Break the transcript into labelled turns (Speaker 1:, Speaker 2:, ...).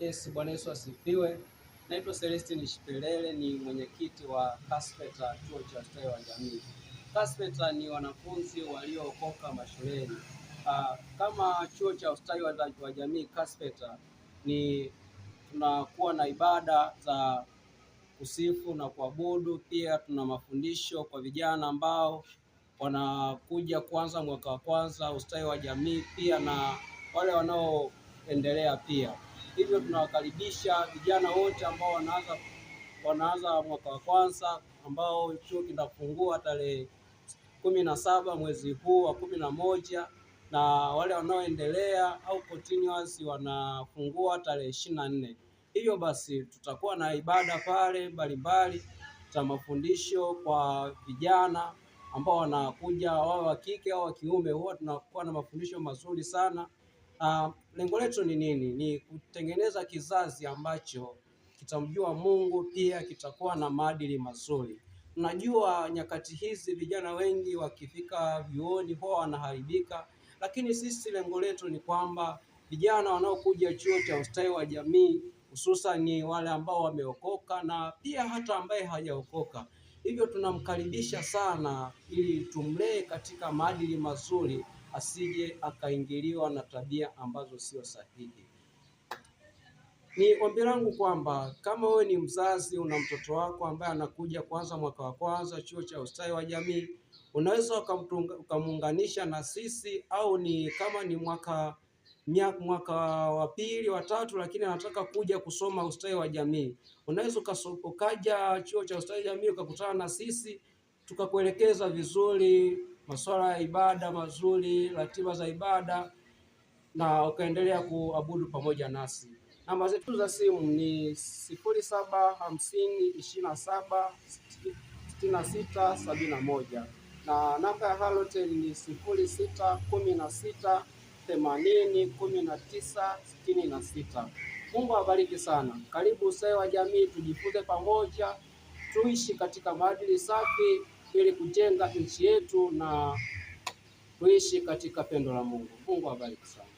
Speaker 1: Yes, Bwana Yesu asifiwe. Naitwa Celestine Shipelele, ni mwenyekiti wa Kaspeta chuo cha ustawi wa jamii. Kaspeta ni wanafunzi waliookoka mashuleni. Uh, kama chuo cha ustawi wa jamii Kaspeta, ni tunakuwa na ibada za kusifu na kuabudu, pia tuna mafundisho kwa vijana ambao wanakuja kuanza mwaka wa kwanza ustawi wa jamii, pia na wale wanaoendelea pia Hivyo tunawakaribisha vijana wote ambao wanaanza wanaanza mwaka wa kwanza ambao chuo kinafungua tarehe kumi na saba mwezi huu wa kumi na moja na wale wanaoendelea au continuous wanafungua tarehe ishirini na nne. Hivyo basi tutakuwa na ibada pale mbalimbali za mafundisho kwa vijana ambao wanakuja, wao wa kike au wa kiume, huwa tunakuwa na mafundisho mazuri sana. Uh, lengo letu ni nini? Ni kutengeneza kizazi ambacho kitamjua Mungu, pia kitakuwa na maadili mazuri. Najua nyakati hizi vijana wengi wakifika vyuoni huwa wanaharibika, lakini sisi lengo letu ni kwamba vijana wanaokuja chuo cha ustawi wa jamii hususan ni wale ambao wameokoka na pia hata ambaye hajaokoka. Hivyo tunamkaribisha sana ili tumlee katika maadili mazuri asije akaingiliwa na tabia ambazo sio sahihi. Ni ombi langu kwamba kama wewe ni mzazi, una mtoto wako ambaye anakuja kwanza mwaka wa kwanza chuo cha ustawi wa jamii, unaweza ukamuunganisha na sisi, au ni kama ni mwaka mwaka wa pili wa tatu, lakini anataka kuja kusoma ustawi wa jamii, unaweza ukaja chuo cha ustawi wa jamii ukakutana na sisi tukakuelekeza vizuri masuala ya ibada mazuri, ratiba za ibada, na ukaendelea kuabudu pamoja nasi. Namba zetu za simu ni sifuri saba hamsini ishirini na saba sitini na sita sabini na moja na namba ya Halotel ni sifuri sita kumi na sita themanini kumi na tisa sitini na sita. Mungu awabariki sana. Karibu usawe wa jamii, tujifunze pamoja, tuishi katika maadili safi ili kujenga nchi yetu na kuishi katika pendo la Mungu. Mungu awabariki sana.